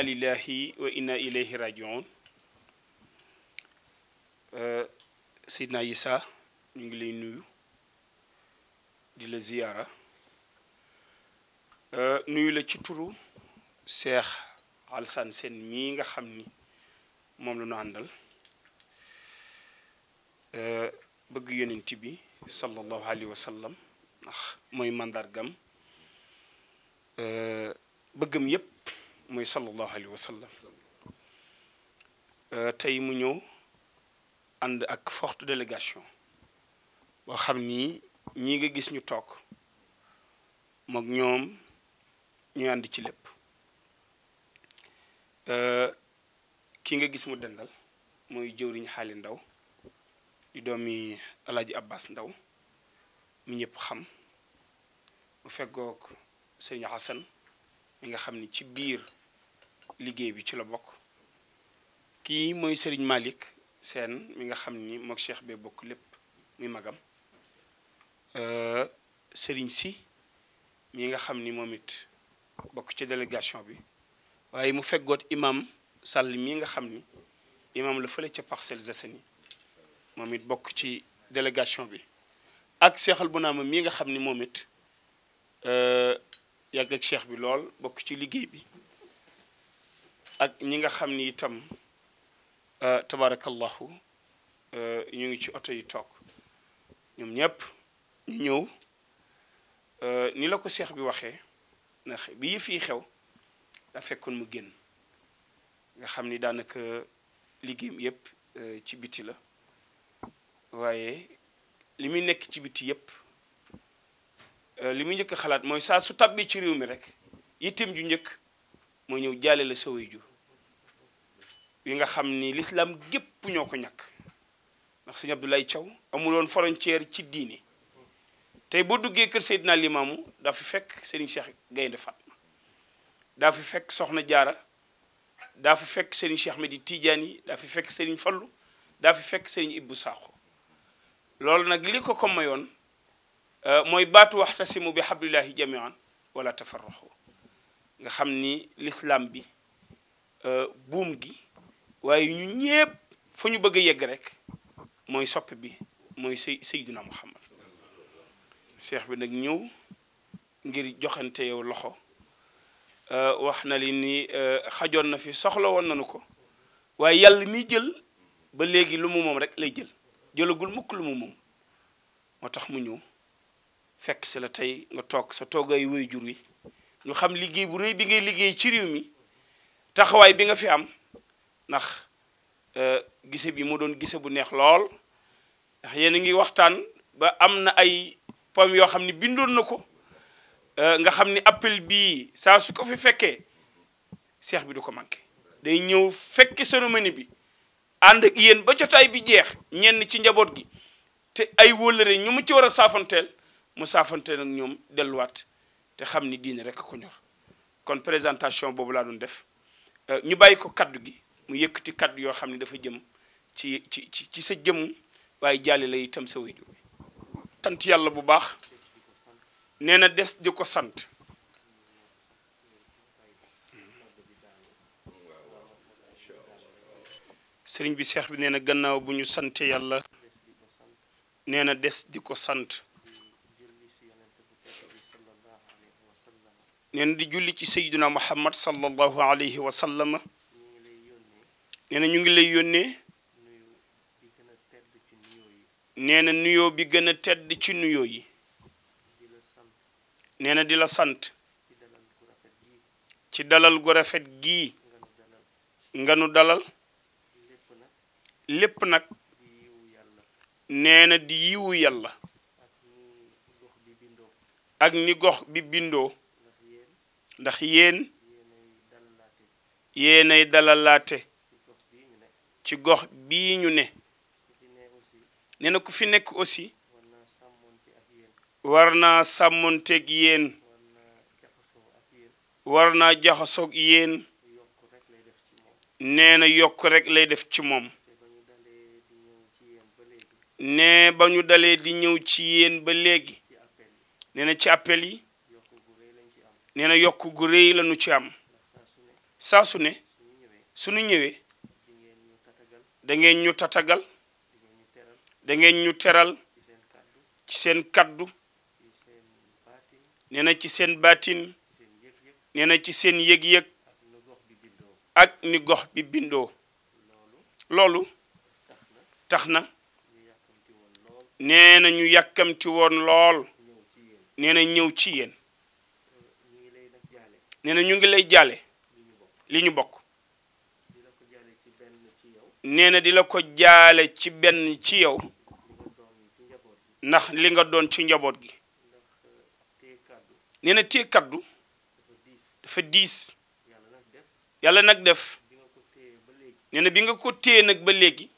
inna lillahi wa euh, ñu ngi lay nuyu di la ziyaara euh, nuyu la ci turu Seex Alsan Seen mii nga xam ni moom la ñu àndal euh, bëgg yonent bi sallallahu alayhi wa ndax mooy màndargam bëggam yépp muy sallallahu alayhi wa euh, tey mu ñëw ànd ak forte délégation boo xam ni ñii nga gis ñu toog mook ñoom ñu ànd ci lépp euh, ki nga gis mu dendal mooy jëwriñ xaali ndaw di doomi alaaji abbas ndaw mi ñëpp xam mu feggoog sëriñ xasan mi nga xam ni ci biir liggéey bi ci la bokk kii mooy sëriñ malik seen mi nga xam ni mook Cheikh bee bokk lépp muy magam euh, Serigne Sy mi nga xam ni moom it bokk ci délégation bi waaye mu feggoot imam Sall mii nga xam ni imam la fële ci Parcelles Assainies moom it bokk ci délégation bi ak seexal bu naama mii nga xam ni moom it euh, yàgg ak cheikh bi lool bokk ci liggéey bi ak ñi nga xam ni itam euh, tabarakallahu euh, ñu ngi ci oto yi toog ñoom ñëpp ñu ñëw euh, ni la ko seex bi waxee ndax bi yëf yi xew da fekkoon mu génn nga xam ni daanaka liggéeyam yëpp ci biti la waaye li muy nekk ci biti yëpp li mu njëkk xalaat mooy saa su tàbbi ci réew mi rek yittim ju njëkk moo ñëw jaale la sa yi nga xam ni lislaam gépp ñoo ko ñàkk ndax sëñ Abdoulaye Thiaw amuloon frontière ci diine tey boo duggee kër na Limaamu daa fi fekk Serigne Cheikh Gaynde Fatma daa fi fekk Soxna Jaara daa fi fekk Serigne Cheikh Medi Tidiane yi daa fi fekk Serigne Fallu daa fi fekk Serigne Ibbu Sakho loolu nag li ko ko mayoon euh, mooy baatu waxtasimu bi hablillahi an wala tafarraxu nga xam ni lislaam bi euh, buum gi waaye ñu ñépp fu ñu bëgg a yegg rek mooy sopp bi mooy say sayduna muhammad seex bi nag ñëw ngir joxante yow loxo euh, wax na li ni euh, xajoon na fi soxla woon nañu ko waaye yàlla miy jël ba léegi lu mu moom rek lay jël jëlagul mukk lu mu moom moo tax mu ñëw fekk si la tey nga toog sa toogay wéy jur wi ñu xam liggéey bu réy bi ngay liggéey ci réew mi taxawaay bi nga fi am ndax euh, gise bi mu doon gise bu neex lool ndax yéen a ngi waxtaan ba am na ay poème yoo xam ne bindoon na ko euh, nga xam ni appel bii saa su ko fi fekkee seex bi du ko manqué day ñëw fekki cérémonie bi ànd ak yéen ba jotaay bi jeex ñenn ci njaboot gi te ay wóllëre ñu mu ci war a saafanteel mu saafanteel ak ñoom delluwaat te xam ni diine rek ko ñor kon présentation boobu laa doon def euh, ñu bàyyi ko kaddu gi mu yëkkati kaddu yoo xam ne dafa jëm ci ci ci sa jëm waaye jàlle la itam sa sant yàlla bu baax nee na des di ko sant sëriñ bi seex bi nee na gannaaw bu ñu sante yàlla nee na des di ko sant nee na julli ci sayyiduna muhammad sallallahu alayhi wa nee ñu ngi lay yónnee nee na nuyoo bi gën a tedd ci nuyoo yi nee na di la sant ci dalal gu rafet gii nga nu dalal lépp nag nee na di yiwu yàlla ak ni gox bi bindoo ndax yéen yéenay dalalaate ci gox bii ñu ne nee na ku fi nekk aussi war naa sàmmonteeg yéen war naa jaxasoog yéen nee na yokk rek lay def ci moom ne ba ñu dalee di ñëw ci yéen ba léegi nee na ci appel yi nee na yokk gu réy lañu ci am saa su ne suñu ñëwee dangeen ñu tatagal dangeen ñu teral ci seen kàddu nee ci seen baatin nee ci seen yëg-yëg ak ni gox bi bindoo loolu tax na nee na ñu yàkkamti woon lool nee na ñëw ci yéen nee na ñu ngi lay jaale li ñu bokk nee na di la ko jaale ci benn ci yow ndax li nga doon ci njaboot gi nee na téye kaddu dafa diis yàlla nag def nee bi nga ko téye nag ba léegi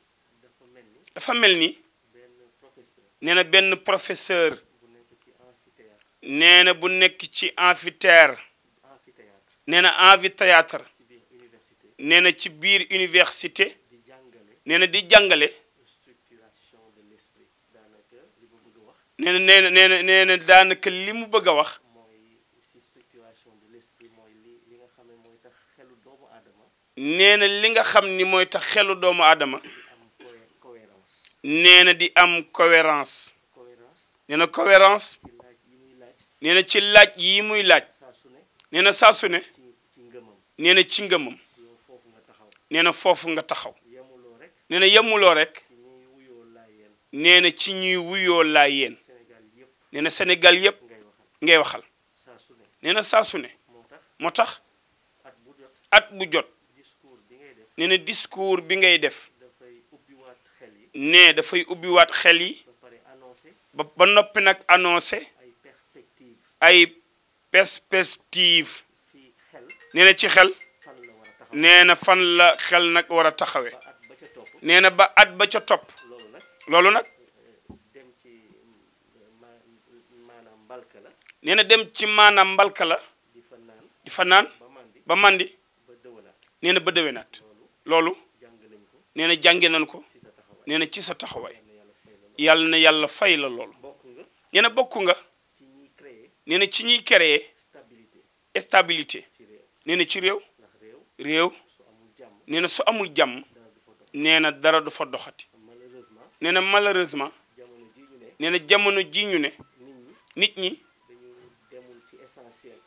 dafa mel ni nee na benn professeur nee na bu nekk ci amphithéâtre nee na amphithéâtre ci biir université nee na di jàngale nee na nee na nee na nee na daanaka li mu bëgg a wax nee na li nga xam ni mooy tax xelu doomu aadama nee na di am cohérence nee na cohérence ci laaj yi muy laaj nee na saa su nee ci ngëmam nee na foofu nga taxaw nee na yemuloo rek nee na ci ñuy wuyoo laayeen nee na Sénégal yëpp ngay waxal nee na saa su ne moo tax at bu jot nee na discours bi ngay def nee dafay ubbiwaat xel yi ba ba noppi nag annoncé ay perspective nee na ci xel nee na fan la xel nag war a taxawe nee na ba at ba ca topp loolu nag nee na dem ci maanaam mbalka la di fa naan ba màndi nee na ba déwénaat loolu nee na jànge nañ ko nee na ci sa taxawaay yàlla na yàlla fay la loolu nee na bokk nga nee na ci ñuy créer stabilité nee na ci réew réew nee na su amul jàmm nee na dara du fa doxati nee na malheureusement nee na jamono ji ñu ne nit ñi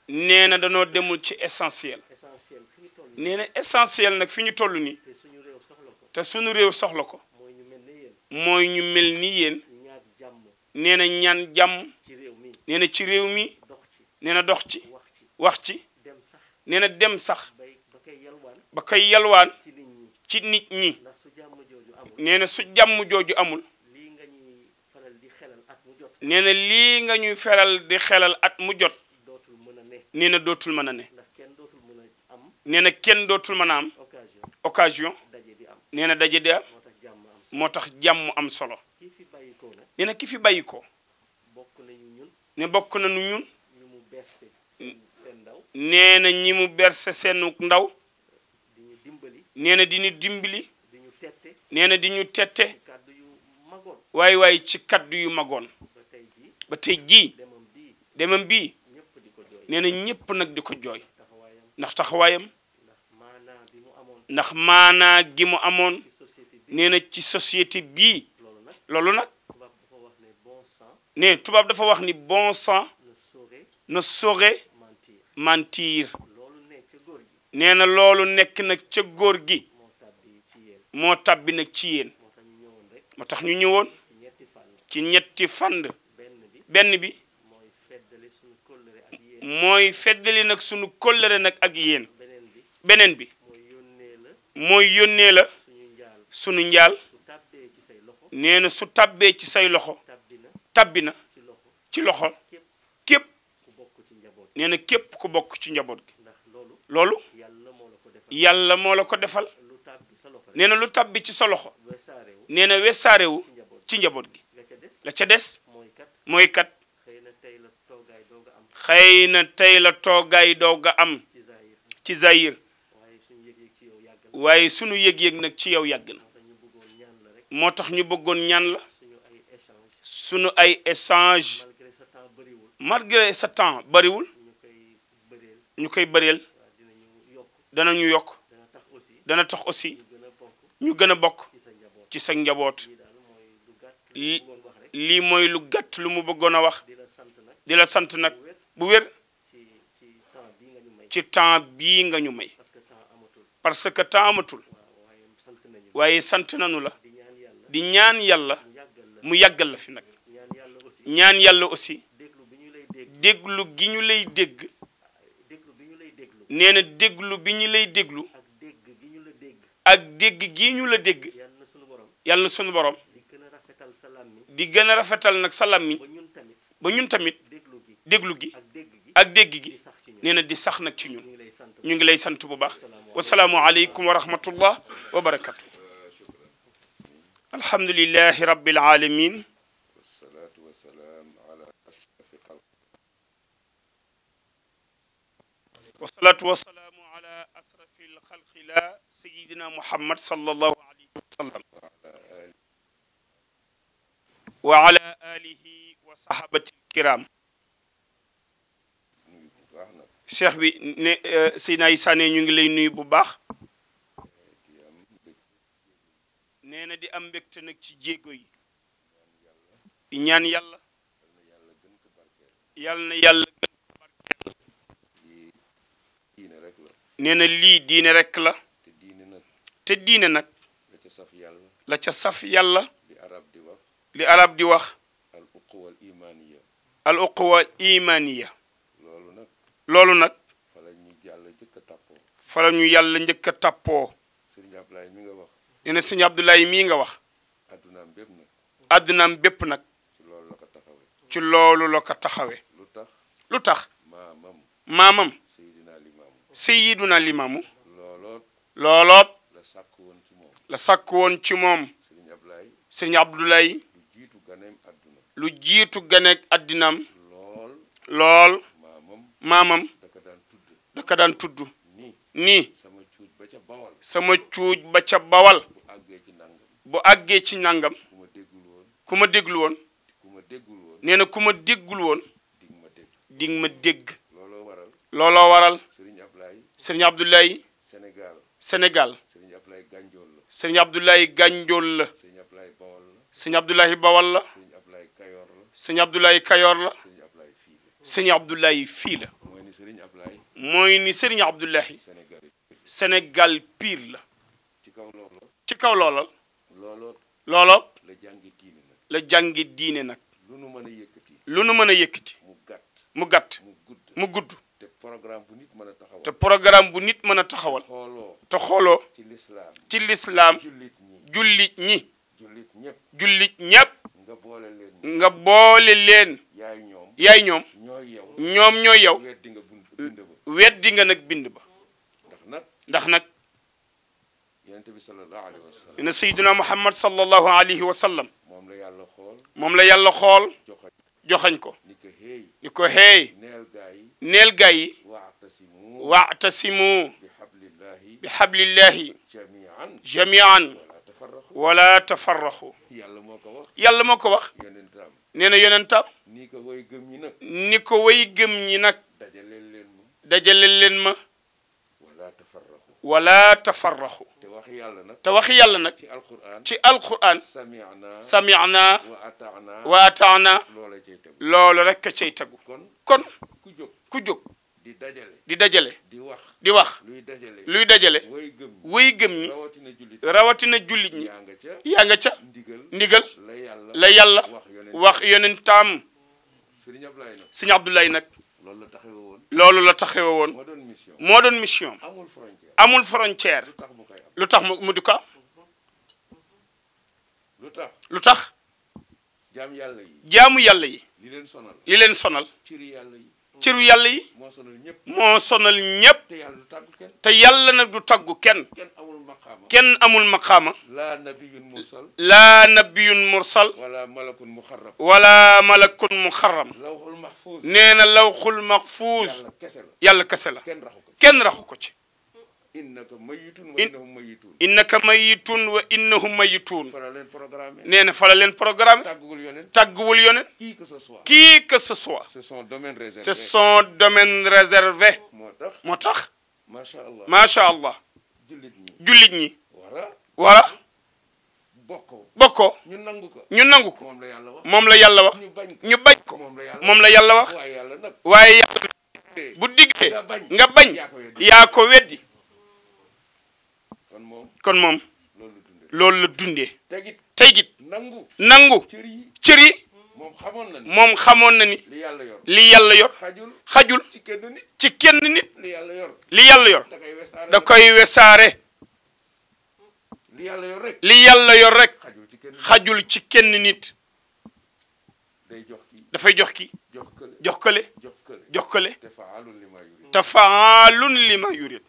nee na dañoo demul ci essentiel nee na essentiel nag fi ñu toll nii te suñu réew soxla ko mooy ñu mel ni yéen nee na ñaan jàmm nee na ci réew mi nee na dox ci wax ci nee na dem sax ba koy yalwaan ci nit ñi nee na su jàmm jooju amul nee na lii nga ñuy feral di xelal ak mu jot nee na dootul mën a ne nee na kenn dootul mën a am occasion nee na daje di moo tax jàmm am solo nee na ki fi bàyyi ko ne bokk na nañu ñun nee na ñi mu berse seenu ndaw nee na di ñu dimbali nee na di ñu tette waaye waaye ci kaddu yu magoon ba tey jii demam bii nee na ñëpp nag di ko jooy ndax taxawaayam ndax maanaa gi mu amoon nee na ci société bii loolu nag ne tubaab dafa wax ni bon sang ne saurait mentir nee na loolu nekk nag ca góor gi moo tàbbi nag ci yéen moo tax ñu ñëwoon ci ñetti fànd benn bi mooy feddali nag sunu kóllëre nag ak yéen beneen bi mooy yónnee la sunu njaal nee na su tàbbee ci say loxo tàbbi na ci loxo képp nee na képp ku bokk ci njaboot gi loolu yàlla moo la ko defal nee na lu tabbi ci sa loxo nee na wesaare wu ci njaboot gi la ca des mooy kat xëy na tey la toogaay doog a am ci zahir waaye sunu yëg-yëg nag ci yow yàgg na moo tax ñu bëggoon ñaan la sunu ay échange malgré sa temps bariwul ñu koy bëreel danañu yokk dana tax aussi ñu gën a bokk ci sa njaboot lii mooy lu gàtt lu mu bëggoon a wax di la sant nag bu wér ci temps bii nga ñu may parce que temps amatul waaye sant nañu la di ñaan yàlla mu yàggal la fi nag ñaan yàlla aussi déglu gi ñu lay dégg nee déglu bi ñu lay déglu ak dégg gii ñu la dégg yàlla na suñu borom di gën a rafetal nag sa làmmiñ ba ñun tamit déglu gi ak dégg gi nee na di sax nag ci ñun ñu ngi lay sant bu baax wasalaamu aleykum wa rahmatullah wa barakatu alhamdulilahi rabbil alamin wasalaatu wasalaamu xalqi la sayidina muhammad sallallahu alayhi wa sallam wa ala bi ne eh, Seydina ñu ngi lay nuyu bu baax nee di am mbégte nag ci jéego yi ñaan na yàlla nee lii diine rekk la te diine nag la ca saf yàlla li arab di wax al uquwa al imaniya al uquwa al imaniya loolu nag fala ñu yàlla njëkk a tàppoo fala ñu yàlla njëkk a tàppoo sëriñ Abdoulaye wax nee na mii nga wax addunaam bépp nag ci loolu la ko taxawe lu tax lu tax maamam Seyyiduna Limaamu looloot la sàkk woon ci moom sëriñ Abdoulaye lu jiitu ganeek addinam lool maamam da daan tudd ni sama cuuj ba ca bawal bu àggee ci nàngam ku ma déglu woon nee na ku ma déggul woon di ma dégg looloo waral sëriñ Abdoulaye. Sénégal senegal sëriñ Abdoulaye Ganjool la. sëriñ Abdoulaye la. sëriñ Abdoulaye Bawal la. sëriñ Bawal la. sëriñ Abdoulaye Kayor la. sëriñ Abdoulaye la. sëriñ Abdoulaye fii la. mooy ni sëriñ Abdoulaye. mooy ni sëriñ Abdoulaye. la. ci kaw ci kaw loola. loolo. loolo. la jàngi diine nag. lu nu mën a yëkkati. lu nu mën a yëkkati. mu gàtt mu gudd. programme bu nit mën a taxawal. te programme bu nit mën a taxawal. to xooloo. ci lislaam ci lislaam. jullit ñi. jullit ñëpp. jullit ñëpp. nga boole leen. nga boole yaay ñoom. yaay ñoom. ñooy yow. ñoom ñooy yow. weddi nga bind ba. nga nag bind ba. ndax nag. ndax nag. yonent bi sallallahu alayhi wa sallam. ne Seydina Muhammad sallallahu alayhi wa moom la yàlla xool. moom joxañ ko. ni ko xeey. neel gay yi wa'tasimu bi hablillahi jamian wala tafarraxu yàlla moo ko wax nee na yonentam ni ko way gëm ñi nag ni ko way gëm ñi nag dajale leen ma wala tafarraxu te waxi yàlla nag te waxi yàlla nag ci alquran samina wa ataana loolu rekk a cay tagu kon ku jóg di dajale di dajale di wax di wax luy dajale way gëm ñi rawatina jullit ñi yaa nga ca ndigal la yàlla wax yonentam sëñ Abdoulaye nag loolu la taxewe woon moo doon mission amul frontière lu tax mu di ko am lu tax jaamu yàlla yi li leen sonal li leen sonal cëru yàlla yi moo sonal ñépp te yàlla nag du taggu kenn kenn amul maqaama laa nabiyun mursal laa nabiyun mursal wala malakun muxarram wala malakun muxarram nee na lawxul maxfuus yàlla kese la kenn raxu ko ci innaka mayitun wa innahum mayitun innaka mayitun wa innahum mayitun nee na fa la leen programme tàgguwul yoneen tàgguwul yoneen qui que ce soit qui que ce soit c'est son domaine réservé c'est moo tax moo tax macha allah macha allah jullit ñi jullit ñi wara wara ñu nangu ko ñu nangu moom la yàlla wax ñu bañ ko moom la yàlla wax waaye yàlla bu diggee nga bañ yaa ko weddi kon moom kon moom loolu la dundee. tegit tegit nangu nangu cër yi moom xamoon na ni moom xamoon na ni yàlla yor li xajul ci kenn nit ci kenn nit li yàlla yor li yàlla da koy wesaare li yàlla yor rek yàlla yor rek xajul ci kenn nit dafay jox ki jox kële jox kële jox kële tafaalun lima yurid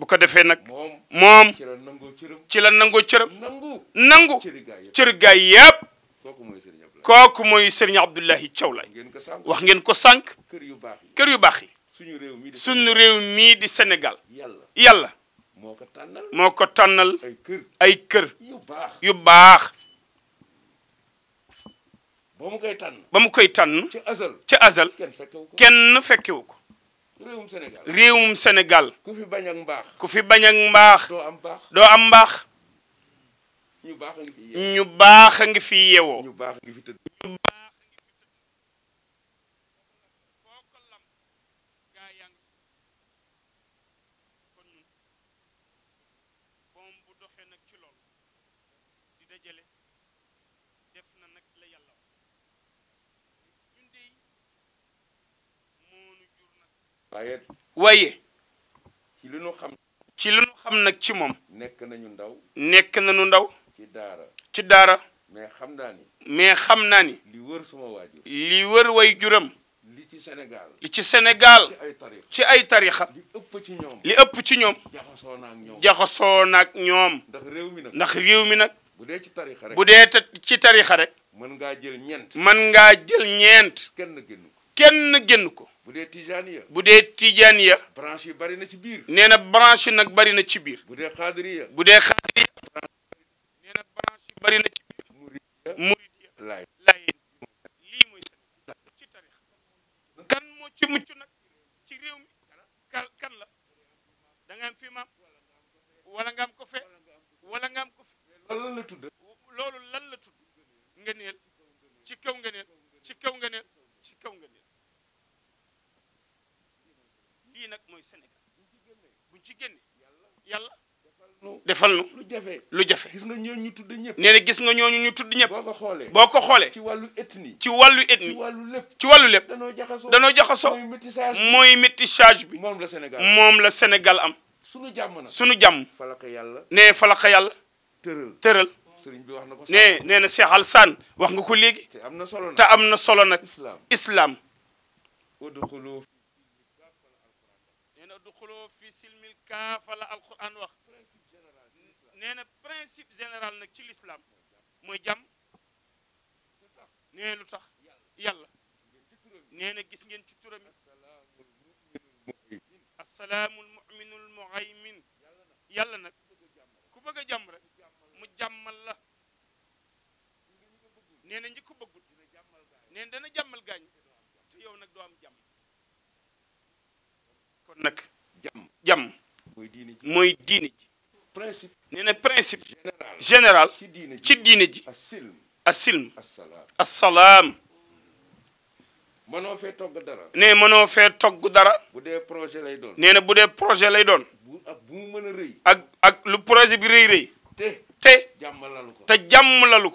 bu ko defee nag moom ci la nangoo cëram nangu cër gaay yëpp kooku mooy Serigne Abdoulaye Thiaw Laye wax ngeen ko sànq kër yu baax yi suñu réew mii di senegal yàlla moo ko tànnal ay kër yu baax ba mu koy tànn ca azal kenn fekkewu ko réewum Sénégal réewum ku fi bañ ak ku fi bañ ak mbaax. doo am mbaax doo am mbaax. ñu baax a fi yeewoo baax a ngi fi yeewoo. ñu baax a waaye waaye ci li nu xam nag ci moom nekk nañu ndaw nekk nañu ndaw ci daara ci mais xam naa xam naa ni li wër sama waajur li wër way juram li ci Sénégal li ci ci ay tarixa li ëpp ci ñoom li ëpp ci ñoom jaxasoo jaxasoo naak ñoom ndax réew mi nag ndax réew mi nag bu dee ci tarixa rek bu dee ci tarixa mën ngaa jël ñeent mën ngaa jël ñeent kenn génn kenn génn ko bu dee tijaan ya bu dee tijaan ya branche yi bari na ci biir nee na branche yi nag bari na ci biir bu dee xaadiri ya bu dee yi bari na ci biir murid lii mooy sa ci kan moo ci mucc nag ci réew mi kan la da nga am fi maam wala nga am ko fe wala ko fe la tudd loolu lan la tudd ngëneel ci kaw ngëneel ci kaw ngëneel ci kaw ngëneel lii nag mooy Sénégal buñ ci génne yàlla defal nu lu jafe lu jafe gis nga ñooñu ñu tudd ñëpp gis nga ñooñu ñu tudd ñëpp boo ko xoolee boo ko xoolee ci wàllu ethnie ci wàllu ci wàllu lépp danoo jaxasoo danoo jaxasoo mooy métissage bi moom la Sénégal moom la Sénégal am sunu jàmm nag sunu jàmm falaka yàlla nee falaka yàlla tëral tëral sëriñ bi wax na ko nee nee na Cheikh Alassane wax nga ko léegi am na solo nag te am na solo nag islam wadxuloo fi silmil na principe général nag ci l'islam mooy jàmm nee gis ngeen ci turam asalaamul muminul muhaymin yàlla nag ku bëgg a jàmm rek mu jàmmal la nee na ñi ko dana jàmmal gaañ te yow nag doo am jàmm kon nag jàmm jàmm mooy diine ji principe nee na ci diine ji asilm assalaam mënoo fee togg dara. nee mënoo fee togg dara. bu dee projet lay doon. nee na bu dee projet lay doon. bu ak mën a rëy. ak ak lu projet bi rëy rëy. te te. jàmm lalu ko te jàmm lalu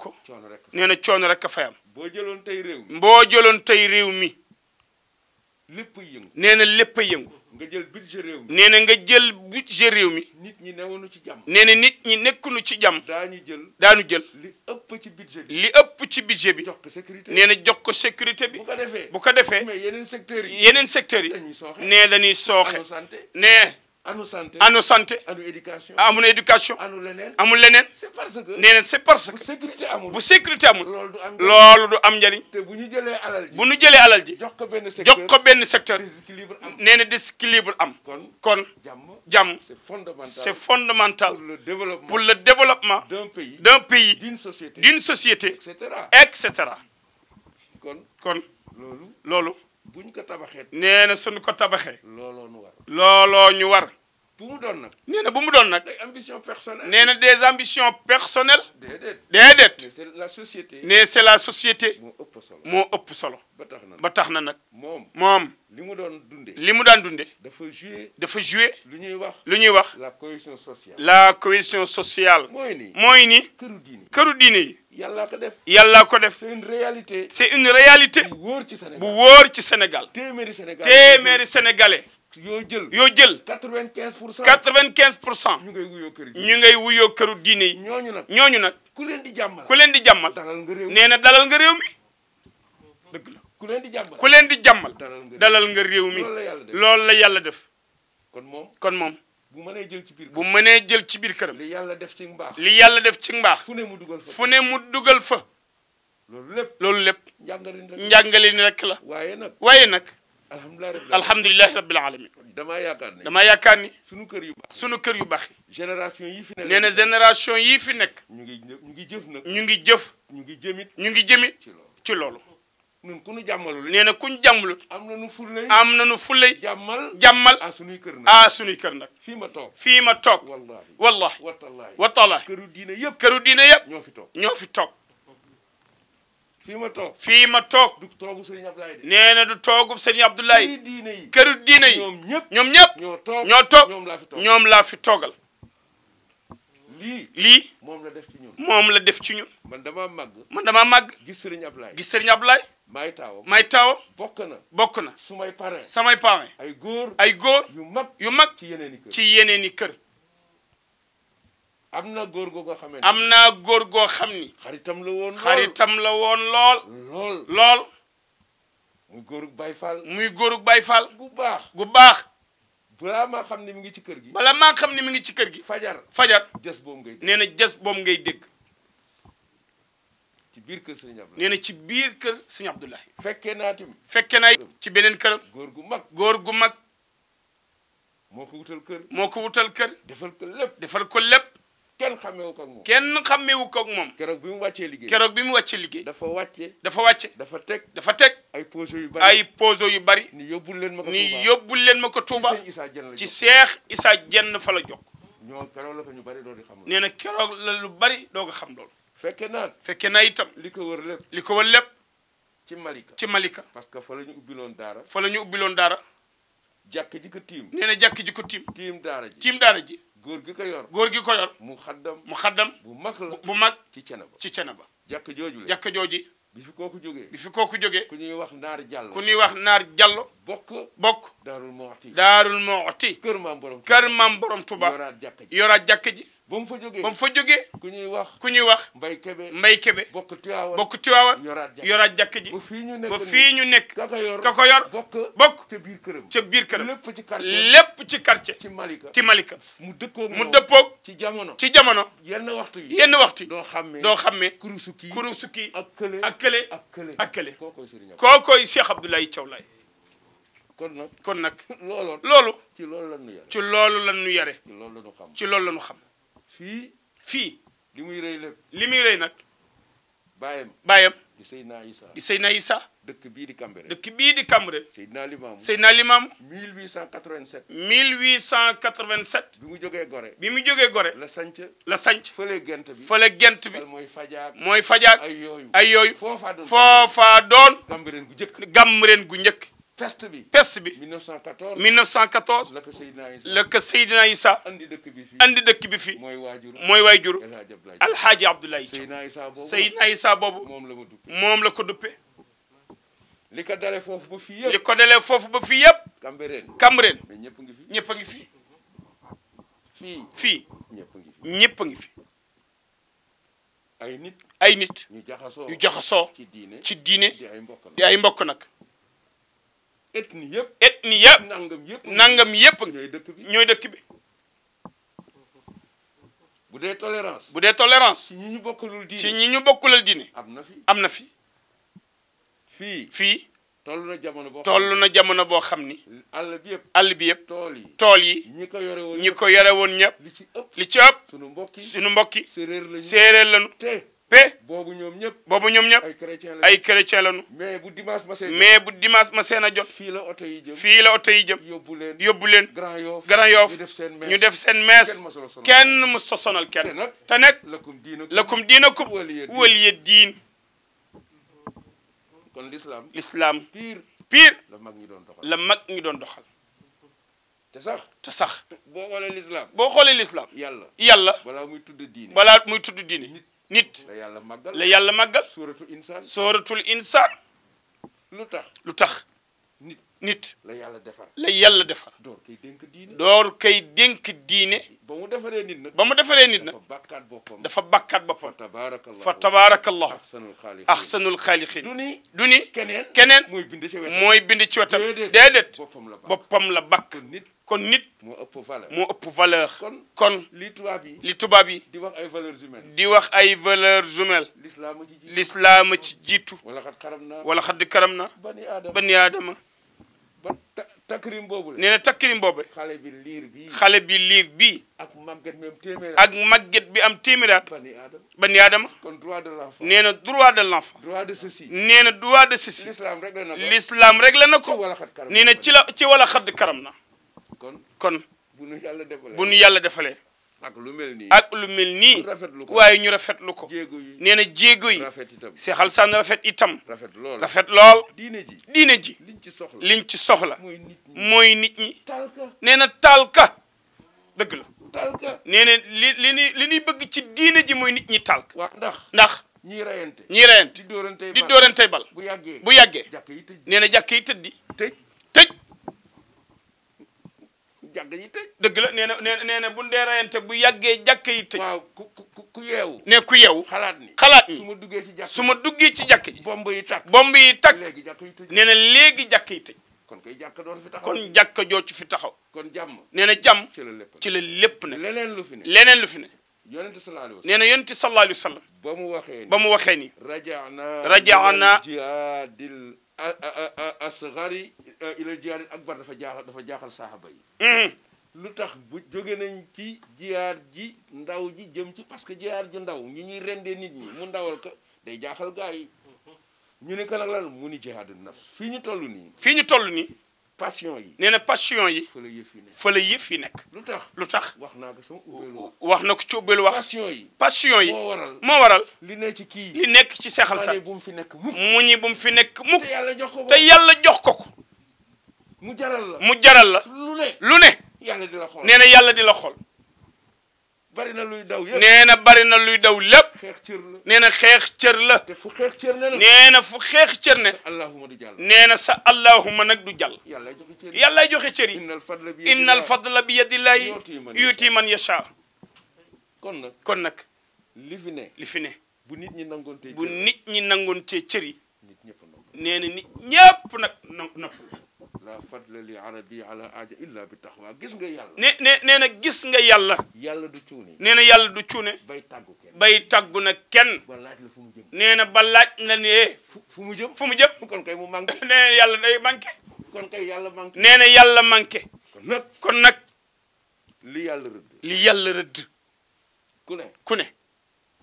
rek nee na coono rek a fayam. boo jëloon tey réew mi. boo jëloon tey réew mi. lépp yëngu. nee na lépp yëngu. nga jël budget nee na nga jël budget réew mi. nit ñi newoonu ci jàmm. nee na nit ñi nekkunu ci jàmm. daañu jël daañu jël. li ëpp ci budget bi li ëpp ci budget bi. jox ko sécurité nee na jox ko sécurité bi. bu ko defee bu ko defee. yeneen secteurs yi yeneen secteurs yi. dañuy sooxe nee dañuy sooxe. nee. anu santé anu santé anu éducation amul éducation amul leneen amul leneen. c'est parce que nee bu sécurité amul amul loolu du am njëriñ. te bu ñu jëlee alal ji bu jëlee alal ji jox ko benn secteur jox ko benn secteur nee na déséquilibre am. kon kon jàmm c'est fondamental pour le développement d'un pays d'un pays d'une société d'une société et cetera. kon kon loolu loolu. buñ ko tabaxee. nee na suñ ko tabaxee. looloo looloo ñu war. bu mu doon nag. nee bu mu doon nag. des ambitions personnelles. nee na des ambitions personnelles. déedéet déedéet. mais la société. mais c'est la société. moo ëpp solo moo ëpp solo. ba tax na ba tax na nag. moom moom. li mu doon dunde li mu daan dundee. dafa joué. dafa joué. lu ñuy wax lu ñuy wax. la cohésion sociale. la cohésion sociale. mooy nii mooy nii. këru diine yi. yàllaa ko def yàllaa ko def. c'est une réalité. bu wóor ci Sénégal bu wóor ci Sénégal. téeméeri sénégalais téeméeri yoo jël yoo jël. quatre pour cent quatre quinze pour cent. ñu ngay wuyoo këru ñu ngay wuyoo këru diine yi. ñooñu nag ñooñu nag. ku leen di jàmmal ku leen di jàmmal. dalal nga réew mi nee na dalal nga réew mi ku leen di jàmmal ku leen di jàmmal. dalal nga réew mi loolu la yàlla def. kon moom kon moom. bu mënee jël ci biir bu mënee jël ci biir këram. li yàlla def ci mbaax li yàlla def ci mbaax. fu ne mu dugal fa ne mu dugal fa. loolu lépp loolu lépp. njàngale ni rek la waaye nag waaye nag. alhamdulilah rabbil alamin damaa yaakaar ni damaa yaakaar ni sunu kër yu baax sunu kër yu baax yi génération yi fi nekk nee na génération fi nekk ñu ngi ñu ngi jëf nag ñu ngi jëf ñu ngi jëmit ñu ngi jëmit ci loolu ñun ku ñu jàmmalul nee na ku ñu am na nu fullay am na nu fullay jàmmal jàmmal ah sunuy kër nag ah kër nag fii ma toog fii ma toog wallahi wallahi watallaahi watallaahi këru diine yëpp këru diine yëpp ñoo fi toog ñoo fi toog fii ma toog fii ma toog. du toogu Serigne Abdoulaye de. nee na du toogu Serigne Abdoulaye. këru diine yi këru ñoom ñëpp. ñoom ñëpp ñoo toog ñoom laa fi toogal. lii lii. moom la def ci ñun moom la def ci ñun. man damaa màgg. man damaa màgg. gis Serigne gis Serigne Abdoulaye. maay taawam maay taawam. bokk na bokk na. sumay parrain samay parrain. ay góor ay góor. yu mag yu mag. ci yeneen ci yeneen i kër. am na góor goo xam ne. am naa góor goo xam ni. xaritam la woon lool xaritam la woon lool. lool lool. muy góorug Baay Faal. muy góorug gu baax gu baax. balaa maa xam ne mu ngi ci kër gi. balaa maa xam mi ngi ci kër gi. fajar fajar. jës boobu ngay dégg nee na jës boobu ngay dégg. ci biir kër sëñ Abdoulaye nee na ci biir kër sëñ Abdoulaye. fekkee naa tamit. fekkee naa ci beneen këram. góor gu mag góor gu mag. moo wutal kër. moo ko wutal kër. defal ko lépp lépp. kenn xamewu ko moom kenn xamewu ko moom keroog bi mu wàccee liggéey keroog bi mu wàccee liggéey dafa wàccee dafa wàcce dafa teg dafa teg ay poso yu bari ay poso yu bari ni yóbbul leen ma ko ni yóbbul leen ma ko Touba ci Seex Isaa Jenn fa la jokk ñoom keroog la ko ñu bari doo di xam nee na keroog la lu bari doo ko xam loolu fekke naa fekke naa itam li ko wër lépp li ko wër lépp ci Malika ci Malika parce que fa la ñu ubbiloon daara fa la ñu ubbiloon daara jàkk ji ko tiim nee jàkk ji ko tiim tiim daara ji tiim daara ji góor gi ko yor góor gi ko yor mu xaddam mu xaddam bu mag la bu mag ci cene ba ci cene ba jàkk jooju la jàkk jooji bi fi kooku jógee bi fi kooku jógee ku ñuy wax naar jàllo ku ñuy wax naar jàllo bokk bokk daarul mooti daarul mooti kër maam borom kër maam borom tuba yoraat jàkk ba mu fa jógee ba mu fa ku ñuy wax ku ñuy wax. mbay kebe mbay kebe. bokk Tiwaawan bokk Tiwaawan. yoraat jàkk ji ba fii ñu nekk ba ñu nekk. ka yor ka ko yor bokk. ca këram ca biir këram. lépp ci quartier lépp ci quartier. ci Malika ci Malika. mu dëppoog mu dëppoog. ci jamono ci jamono. yenn waxtu yi yenn waxtu yi. doo xàmmee doo xàmmee. kurusu kii kurusu kii ak kële ak kële ak kële ak kële. kookoy Serigne kookoy Cheikh Abdoulaye Thiaw Laye. kon nag kon nag. loolu. loolu ci loolu la ñu yare ci loolu la ñu yare ci loolu la ñu xam fii fii li muy rëy lépp li muy rëy nag bàyyam bàyyam di Seydina Issa di Seydina Issa dëkk bii di Cambérène dëkk bii di Cambérène Seydina Limaamu Seydina mille 1887 1887 bi mu jógee Gorée bi mu jógee gore la sanc la sanc fële gent bi fële gent bi mooy fajaak mooy fajaak ay yooyu ay yooyu foofaa doon foofaa doon Cambérène gu njëkk Cambérène gu njëkk peste bi peste bi. 1914 1914. la ko Seydina Issa la ko Seydina Issa. andi dëkk bi fii andi dëkk bi fii. mooy waajur mooy waajur. alxaaji Abdoulaye Thiaw Seydina Issa boobu Seydina Issa boobu. moom la ma duppe moom la ko duppe. li ko dalee foofu ba fii yëpp li ko foofu ba fii yëpp. Cambérène ñëpp ngi fi ñëpp ngi fi. fii fii. a ngi fi ay nit ay nit. ñu jaxasoo ñu ci diine ci diine. di ay mbokk nag. ethnie yëpp ethnie yëpp nangam yëpp nangam yëpp ñooy dëkk bi ñooy dëkk bi bu dee tolérance bu dee tolérance ci ñi ñu bokk diine ci ñi ñu bokkulul diine am na fi am na fi fii fii toll na jamono boo toll na jamono boo xam ni àll bi yëpp àll bi tool yi tool yi ñi ko yore woon ñi ko yore woon ñëpp li ci ëpp li ci ëpp sunu mbokki sunu mbokki séeréer lañu séeréer pe boobu ñoom ñëpp boobu ñoom ñëpp ay chrétien lañu ay chrétien mais bu dimanche ma seen mais bu dimanche ma seen jot fii la oto yi jëm fii la oto yi yóbbu leen yóbbu leen grand yoof grand yoof ñu def seen mees kenn mu sosonal kenn te nag la diinakum lakum diinakum waliya diin kon l'islam l'islam pire pire la mag ñi doon doxal la mag ñi doon doxal sax te sax boo xoolee l'islam boo xoolee l'islam yàlla yàlla balaa muy tudd diine balaa muy tudd diine nit la yàlla màggal la yàlla màggal sooratul insaan sooratul insaan lu tax lu tax nit nit la yàlla defar la yàlla defar door kay dénk diine diine ba mu defaree nit nag ba mu defaree nit nag dafa bàkkaat boppam dafa bàkkaat boppam fa tabaarakallahu ahsanul xaaliqin du ni du ni keneen keneen mooy bind ci wetam mooy bind ci wetam déedéet boppam la bàkk kon nit moo ëpp valeur moo ëpp valeur kon kon li tubaab li tubaab yi di wax ay valeurs humaines di wax ay valeurs humaines lislaam ci jiitu ci jiitu wala xad karam na wala xad karam na bani aadama bani aadama kon takrim boobu la nee na takrim xale bi liir bii xale bi liir bii. ak màgget bi am téeméer ak màgget bi am téeméeraat. bani aadama kon droit de l'enfant nee na droit de l'enfant. droit de nee na droit de ceci. l'islam réglé na ko l'islam réglé na ko. na ci la ci wala xadd karam na. kon kon yàlla defalee bu yàlla defalee. ak lu mel nii ak lu mel nii waaye ñu rafetlu ko nee na jéego yi Cheikh Alassane rafet itam rafet lool rafet lool diine ji diine ji liñ ci soxla liñ ci soxla mooy nit ñi nee na tàlka dëgg la tàlka nee na li li ñuy bëgg ci diine ji mooy nit ñi tàlk ndax ndax ñii rayante ñii rayante di doorantey bal bu yàggee bu yàggee nee na jàkk yi tëddi tëj jàkk yi tëj. dëgg la nee na nee na bu ñu dee rayante yàggee jàkk yi tëj. ku ku ku yeewu. ne ku yeewu xalaat xalaat ni su ma duggee ci jàkk su ma duggee ci jàkk ji. bomb yi takk bomb yi takk léegi jàkk yi léegi jàkk yi kon kay jàkk doon fi taxaw kon jàkk jooju fi taxaw. kon jàmm nee na jàmm. ci la lépp ne ci lépp ne. leneen lu fi ne leneen lu fi ne. yonente sallallahu alayhi wa sallam nee na yonente sallallahu alayhi wa sallam. ba mu waxee nii ba asgari euh, ila jihaarin akbar dafa jaaxal dafa jaaxal saxaaba yi hmm. lu tax bu jóge nañ ci jihaad ji ndaw ji jëm ci parce que jihaad ji ndaw ñi ñuy rendee nit ñi mu ndawal ko day jaaxal gars yi hmm. ñu ne ko nag lan mu ni jihaadu nafs fii ñu toll nii fii ñu toll nii passion yi nee na passion yi. fa la yëf yi nekk fa nekk. lu tax lu tax. wax naa ko sama wax na ko ci ubbeelu wax. passion yi passion yi moo waral. moo waral nekk ci kii li nekk ci seexal sa. bu mu fi nekk mukk mu ñi bu mu fi nekk mukk. te yàlla jox ko ko yàlla jox ko ko. mu jaral mu jaral la. lu ne lu ne. di la xool nee na yàlla di la xool. bari na luy daw yëpp nee na bari na luy daw lépp. xeex cër la nee na xeex cër la. te fu xeex cër ne la nee na fu xeex cër ne. allahuma du jàll nee na sa allahuma nag du jàll. yàlla joxe cër yi yàlla joxe cër yi. innal fadla bi yadillahi yuuti man yasha kon nag kon nag. li fi ne li fi ne. bu nit ñi nangoon tee cër bu nit ñi nangoon tee cër yi. nee na nit ñëpp nag na la fadla li arabi ala aaja illa bi taxwa gis nga yàlla. ne ne nee na gis nga yàlla. yàlla du cuune. nee na yàlla du cuune. bay tàggu kenn bay tàggu na kenn. ba laaj nee na ba laaj la ne. fu mu jëm fu mu jëm. kon kay mu manqué. na yàlla day manqué. kon kay yàlla manqué. nee na yàlla manqué. kon nag kon nag. li yàlla rëdd. li yàlla rëdd. ku ne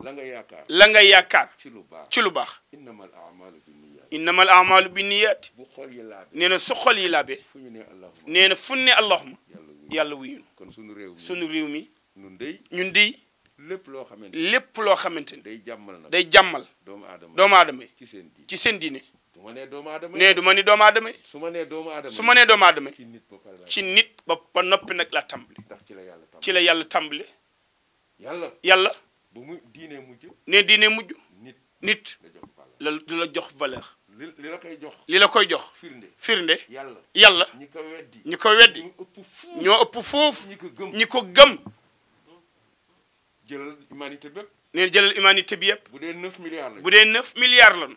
la nga yaakaar la nga yaakaar. ci lu ci lu baax. innamal innamal amalu bi niyaati nee na su xol yi laabe nee na fu ne allahuma yàlla wuyu kon sunu réew mi sunu réew mi ñun dey lépp loo xamante ni lépp loo xamante ni day jàmmal nag day jàmmal doomu aadama doomu aadama yi ci seen diine ci seen diine du ma nee doomu ma ni doomu aadama yi su ma nee doomu aadama su ma nee doomu aadama yi ci nit ba ba noppi nag la tàmbali ndax ci la yàlla ci la yàlla tàmbali yàlla yàlla bu mu diine mujj ne diine mujj nit nit la la jox valeur li la koy jox li la koy jox. firnde firnde. yàlla yàlla ñi ko weddi ñi ko weddi. ñoo ëpp foofu ñi ko gëm ñi ko gëm. jëlal humanité bépp. nee jëlal humanité bi yëpp. bu dee 9 milliards la bu dee 9 milliards la.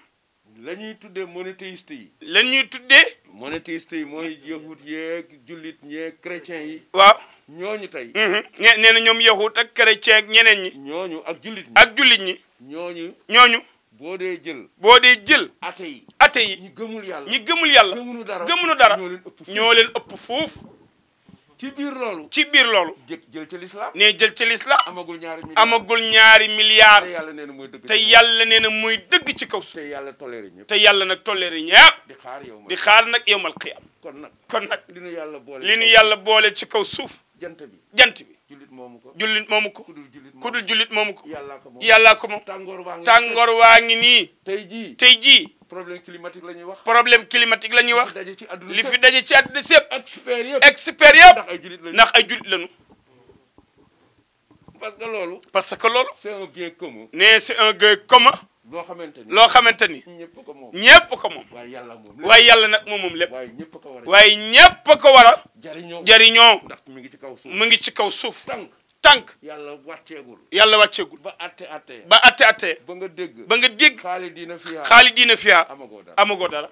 la ñuy tuddee monothéiste yi. la ñuy tuddee. monothéiste yi mooy yahut yeeg jullit ñeeg chrétien yi. waaw ñooñu tey. Mhm. nee ñoom yahut ak chrétien ak ñeneen ñi. ñooñu ak jullit ñi ak jullit ñooñu. boo dee jël boo dee jël ate yi ñi gëmul yàlla ñi gëmul yàlla gëmunu dara gëmunu dara ñoo leen ëpp foofu ci biir loolu ci biir loolu jël ci lislaam ne jël ci lislaam amagul ñaari milliards amagul ñaari milliards yàlla nee na muy dëgg te yàlla nee na muy dëgg ci kaw suuf te yàlla toléré ñëpp te yàlla nag toléré ñëpp di xaar yow di xaar nag yowmal qiyaam kon nag kon nag li nu yàlla boole li yàlla boole ci kaw suuf jant jant bi jullit moomu ko jullit moomu ko kudul jullit moomu ko yàllaa ko moom tàngoor waa ngi tey jii tey jii problème climatique la ñuy wax problème climatique la ñuy wax li fi daje ci àdduna sépp expert yëpp ay jullit lañu parce que loolu parce que loolu ne c'est un bien commun loo xamante ni loo xamante ni ñëpp ko moom ñëpp ko moom waaye yàlla moom waaye yàlla nag moom moom lépp waaye ñëpp ko war a waaye ñëpp ko war a jariñoo jariñoo ndax mu ngi ci kaw mu ngi ci kaw suuf tànk tànk yàlla wàcceegul yàlla wàcceegul ba atte atte ba atte atte ba nga dégg ba nga dégg xaali diina fiyaa xaali diina fiyaa amagoo dara amagoo dara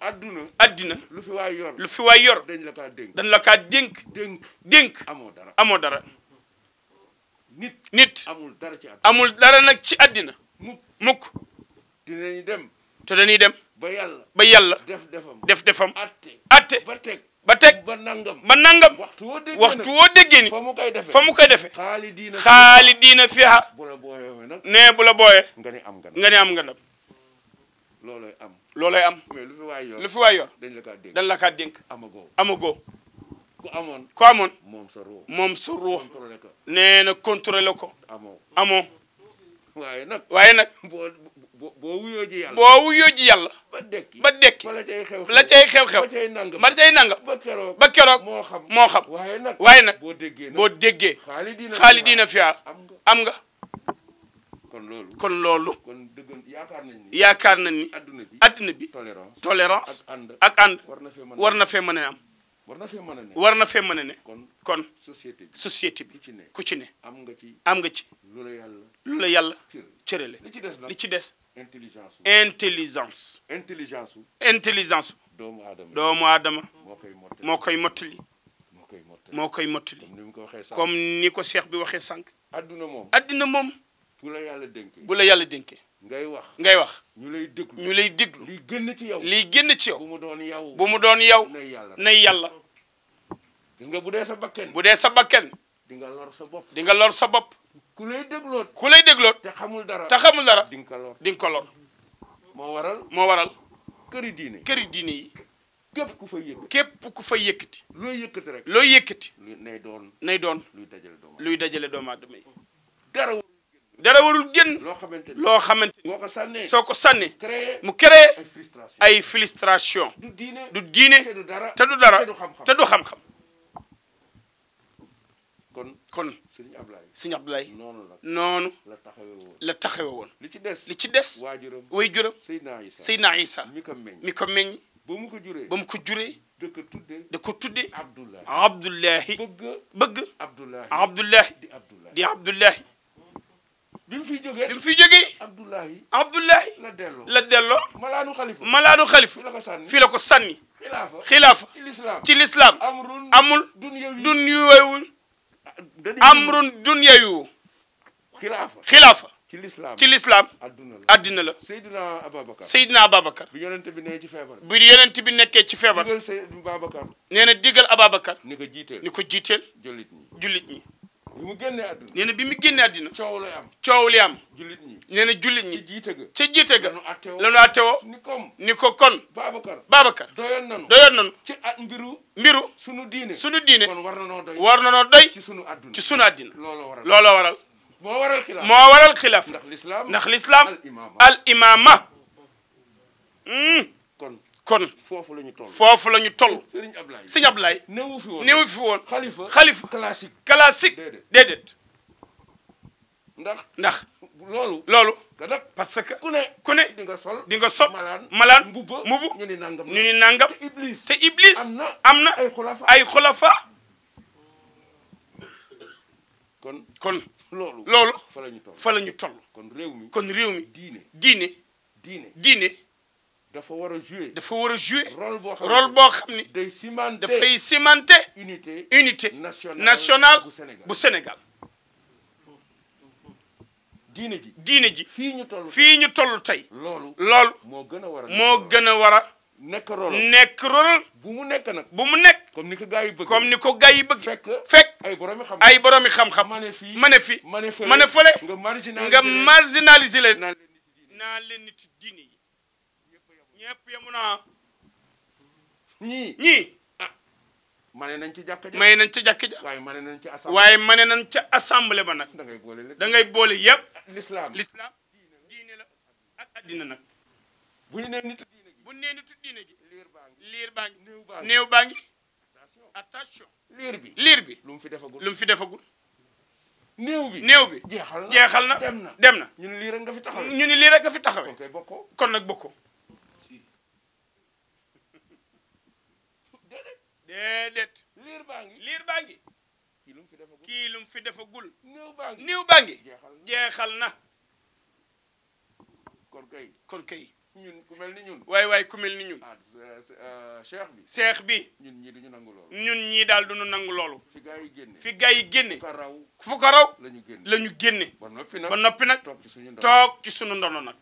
adduna addina lu fi waay yor lu fi waay yor dañ la kaa dénk dañ la kaa dénk dénk dénk amoo dara amoo dara nit nit amul dara ci amul dara nag ci addina mukk dinañu dem te dañuy dem ba yàlla ba yàlla def defam def defam atte ba teg ba teg ba nangam ba nangam waxtu woo déggee ni fa mu koy defee fa mu koy defee xaali diina fiha nee bu la booyee nga ni am nga nga ni am nga ndam looloy am looloy am lu fi waay yor lu fi waay yor dañ la kaa dénk amagoo amagoo amoon ku amoon moom moom sa ruux nee na ko amoo waaye nag waaye nag. boo boo boo wuyoo ji yàlla. boo wuyoo ji yàlla. ba dekki ba la cay xew xew la cay ma cay nangam ba keroog ba keroog. moo xam moo xam. waaye nag waaye nag boo déggee boo déggee. xaalidiina fiihaa am nga. kon loolu kon loolu. kon dëgg yaakaar nañ ni. yaakaar nañ ni adduna bi adduna bi. tolérance tolérance ak ànd war na fee mën a am. war na fee mën a war na fee mën a ne. kon société bi société bi ku ci ne. am nga ci am nga ci. lu yàlla. lu la yàlla cërale li ci des li ci des intelligence intelligence intelligence doomu aadama moo koy mottali moo koy mottali comme ni ko seex bi waxee sànq adduna moom addina moom bu la yàlla dénkee bu yàlla dénkee ngay wax ngay wax ñu lay déglu ñu lay déglu liy ci yow liy génn ci yow bu mu doon yow bu mu doon yow nay yàlla gis nga bu dee sa bakken bu dee sa bakken di nga lor sa bopp di nga lor sa bopp ku lay dégloot ku lay dégloot te xamul dara te dara di nga di nga ko moo waral moo waral këri diine këri diine yi këpp ku fay yëkkati képp ku fay yëkkati looy yëkkati rek looy yëkkati nay doon nay doon luy dajale doomu luy dajale doomu dara warul génn loo xamante ni loo xamante ni boo ko sànnee soo ko sànnee mu créé ay frustration du diine du diine te du dara te du dara te du xam-xam kon kon sëñ Ablaye sëñ Ablaye noonu la noonu la taxawe woon la taxawe woon li ci des li ci des waajuram waajuram Seydina Isa Seydina Isa mi ko meññ mi ko meññ ba mu ko juree ba mu ko juree da ko tuddee da ko tuddee Abdoulahi Abdoulahi bëgg bëgg Abdoulahi Abdoulahi di Abdoulahi di Abdoulahi bi mu fiy jógee bi mu fiy jógee Abdoulahi Abdoulahi la delloo la delloo malaanu xalifa malaanu xalifa fi la ko sànni fi la ko sànni xilaafa xilaafa ci lislaam ci lislaam amul amul dun yowul amrun dunya yu xilaafa xilaafa ci lislaam ci lislaam addina la Seydina Ababacar Seydina Ababacar bi yonent bi nekkee ci feebar bi yonent bi nekkee ci feebar digal Seydina Ababacar nee na digal Ababacar ni ko jiiteel ni ko jiiteel jullit ñi jullit bi mu génnee àdduna nee bi mu génne àdduna coow li am coow li am jullit ñi nee ca jiite ga lanu attewoo ni kom ni ko kon Babacar Babacar doyoon nanu doyoon ci at mbiru mbiru sunu diine sunu diine kon war na noo doy war na noo ci sunu àdduna ci sunu àddina looloo waral looloo waral moo waral xilaaf moo waral xilaaf ndax lislaam ndax al imaama al hmm. kon foofu la ñu toll foofu la ñu toll sëriñ Ablaye sëriñ Ablaye néewu fi woon néewu fi woon xalifa xalifa classique classique déedéet ndax ndax loolu loolu parce que ku ne ku ne di nga sol di nga malaan mbubu ñu ni nangam ñu ni nangam te iblis te iblis am na ay xulafa kon kon loolu loolu fa ñu toll kon réew kon réew mi diine diine diine dafa war a jouer dafa war a jouer rôle boo xam boo xam ni day cimenter dafay cimenter unité unité nationale bu Sénégal. diine ji diine ji fii ñu fii ñu toll tey. loolu loolu moo gën a war a moo gën a war a. nekk rôle nekk rôle bu mu nekk nag bu mu nekk. comme ni ko gars yi bëgg comme ni ko gars yi bëgg. fekk ay boromi xam-xam ay boromi xam-xam. ma ne fii ma ne ma ne fële nga marginaliser nga marginaliser leen. naa leen nit diine yi. ñëpp yemu naa. ñii ñii. Ah. mane nañ ci jàkka ja nañ ca jàkka ja waaye mane nañ ci assemblée waaye mane nañ ca assemblée ba nag. da boole lépp da ngay boole yëpp. l'islam l'islam diine la ak addina nag. bu ñu nee nitu diine gi bu ñu nee diine liir baa ngi liir baa ngi néew baa ngi néew liir bi liir bi. lu fi defagul lu mu defagul. néew bi néew bi. jeexal na jeexal na dem na. ñu ni lii rek nga fi taxawee ñu ni lii rek nga fi taxawee. kon nag bokkoo. déedéet liir baa liir baa ngi kii fi defagul kii lu mu defagul néew baa ngi néew jeexal na kon kon kay ñun ku mel ni ñun waay waay ku mel ni ñun ah, euh, cheikh bi cheikh bi ñun ñii duñu nangu loolu ñun ñii daal duñu nangu loolu fi gaa yi génne yi génne raw fu ko lañu génne la ñu génne ba noppi nag ba noppi nag toog ci suñu ndono ci suñu ndono nag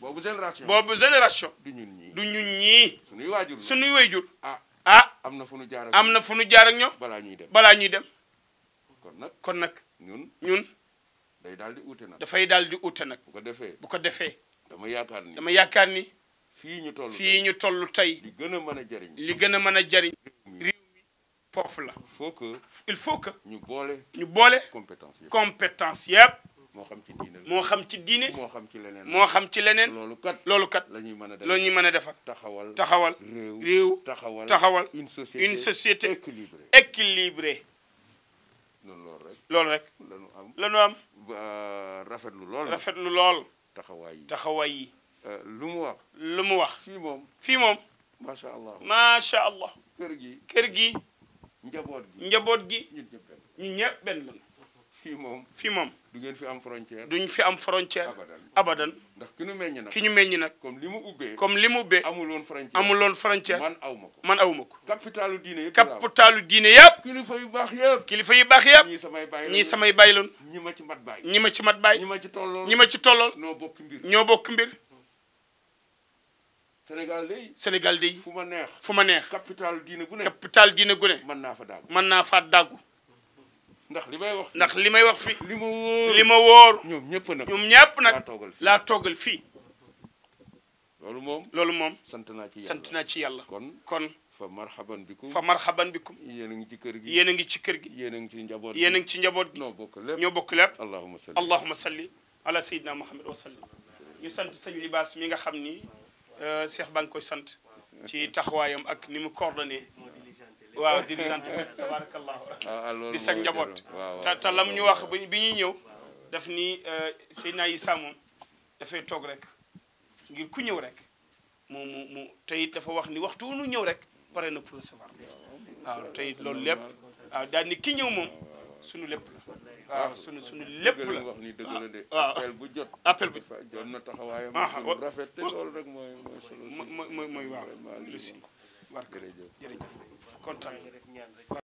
boobu génération boobu génération du ñun ñii du ñun ñii waajur suñuy waajur ah am na fu nu jaar am na fu nu jaar ak ñoom balaa ñuy dem balaa ñuy dem kon nag kon nag ñun ñun day daal di uute nag dafay daal di uute nag bu ko defee bu ko defee dama yaakaar ni dama yaakaar ni fii ñu toll fii ñu toll tey gën a mën a jariñ li gën a mën a jariñ réew mi foofu la il faut que faut que ñu boole ñu boole compétence yëpp yëpp moo xam ci diine moo xam ci diine. moo xam ci leneen moo xam ci leneen. loolu kat loolu kat la ñuy mën a defar ñuy mën a defar. taxawal taxawal réew taxawal taxawal une société une société équilibrée. loolu rek loolu rek. lanu am lanu euh, rafetlu lool rafetlu lool. taxawaay taxawaay euh, lu mu wax. lu mu wax. fii moom fii moom. macha allah macha allah. kër gi kër gi. njaboot gi njaboot gi. ñun moom fii moom. du ngeen fi am frontière duñ fi am frontière abadan ndax ki ñu meññ nag ñu meññ nag comme li mu ubbee comme li mu ubbee amuloon frontière amuloon frontière man aw ma ko man aw ma ko capitalu diine yëpp capitalu diine yëpp kilifa yu baax yëpp kilifa yu baax yëpp ñii samay baay ñii samay loon ñi ma ci mat bàyyi ñi ma ci mat bàyyi ñi ma ci tollool ñi ma ci tollool ñoo bokk mbir ñoo bokk mbir Sénégal day Sénégal day fu ma neex fu ma neex capital diine gu ne mën naa fa dàggu mën naa fa dàggu ndax li may wax ndax li may wax fi li ma wóor li ma wóor ñoom ñëpp nag ñoom ñëpp nag laa toogal fii loolu moom loolu moom sant naa ci sant naa ci yàlla kon kon fa marhaban bikum fa marhaban bikum yéen a ngi ci kër gi yéen a ngi ci kër gi yéen a ngi ci njaboot yéen a ci njaboot gi ñoo bokk lépp ñoo bokk lépp allahumma salli allahumma salli ala sayyidina muhammad wa sallim ñu sant sëñ libaas mi nga xam ni euh, Cheikh ba nga koy sant ci taxawaayam ak ni mu waaw dirigeante tabarakallahu ah, ah, di sag njaboot te te lam ñu wax bi ñuy ñëw daf ni euh, Seydina Issa moom dafay toog rek ngir ku ñëw rek mu mu mu tey dafa wax ni waxtu nu ñëw rek pare na pour recevoir waaw tey loolu lépp waaw daal ki ñëw moom suñu lépp la waaw ah, sunu sunu lépp la wax ni dëgg appel bu jot appel bu jot na taxawaayam rafet te loolu rek mooy mooy waaw kontaan